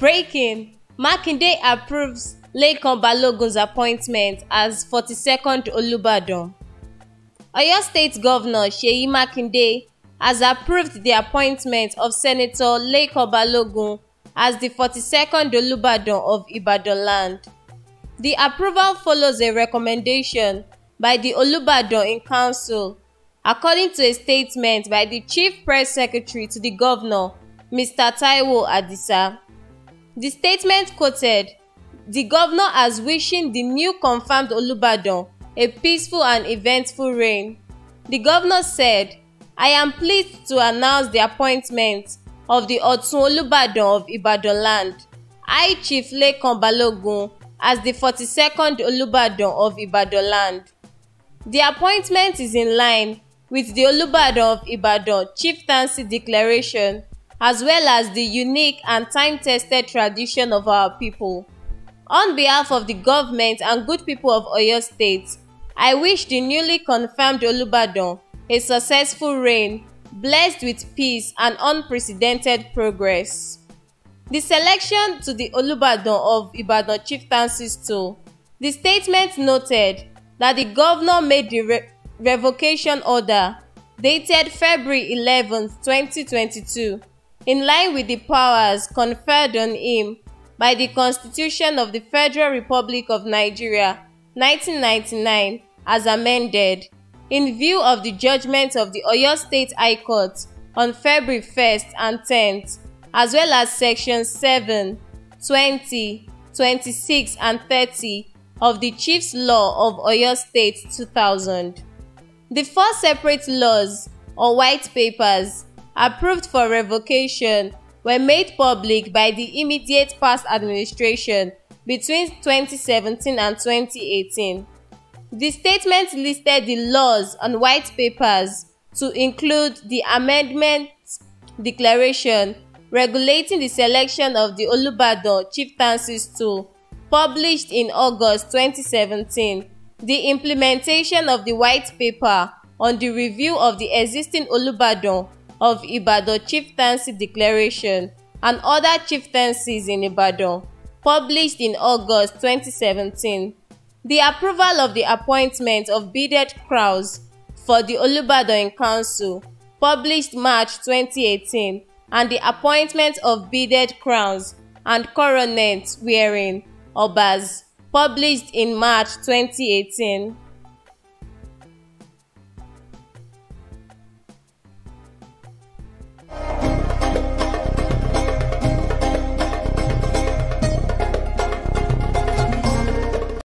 breaking, Makinde approves Lekan Balogun's appointment as 42nd Olubadan. Oyo State Governor Seyi Makinde has approved the appointment of Senator Lekan Balogun as the 42nd Olubadan of Ibadan land. The approval follows a recommendation by the Olubadan in Council, according to a statement by the Chief Press Secretary to the Governor, Mr. Taiwo Adisa. The statement quoted the governor as wishing the new confirmed Olubadan a peaceful and eventful reign. The governor said, I am pleased to announce the appointment of the Otun Olubadan of Ibadan land, I Chief Lekan Balogun, as the 42nd Olubadan of Ibadan land. The appointment is in line with the Olubadan of Ibadan Chieftaincy Declaration as well as the unique and time-tested tradition of our people. On behalf of the government and good people of Oyo State, I wish the newly confirmed Olubadan a successful reign, blessed with peace and unprecedented progress. The selection to the Olubadan of Ibadan chieftaincies too. The statement noted that the governor made the re revocation order dated February 11, 2022 in line with the powers conferred on him by the Constitution of the Federal Republic of Nigeria 1999 as amended, in view of the judgment of the Oyo State High Court on February 1st and 10th, as well as Section 7, 20, 26 and 30 of the Chief's Law of Oyo State 2000. The four separate laws or white papers approved for revocation were made public by the immediate past administration between 2017 and 2018. The statement listed the laws on white papers to include the amendment declaration regulating the selection of the Olubadan chieftaincy stool published in August 2017, the implementation of the white paper on the review of the existing Olubadan of Ibadan Chieftaincy Declaration and other chieftaincies in Ibadan, published in August 2017. The approval of the appointment of Bidet crowns for the Olubadan Council, published March 2018, and the appointment of Bidet Crowns and Coronets wearing Obas, published in March 2018.